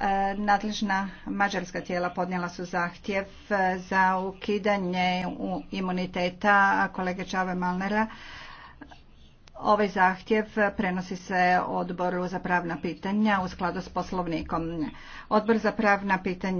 E, nadležna mađarska tijela podnijela su zahtjev e, za ukidanje imuniteta kolege Čave Malnera. Ovaj zahtjev prenosi se odboru za pravna pitanja u skladu s poslovnikom. Odbor za pravna pitanja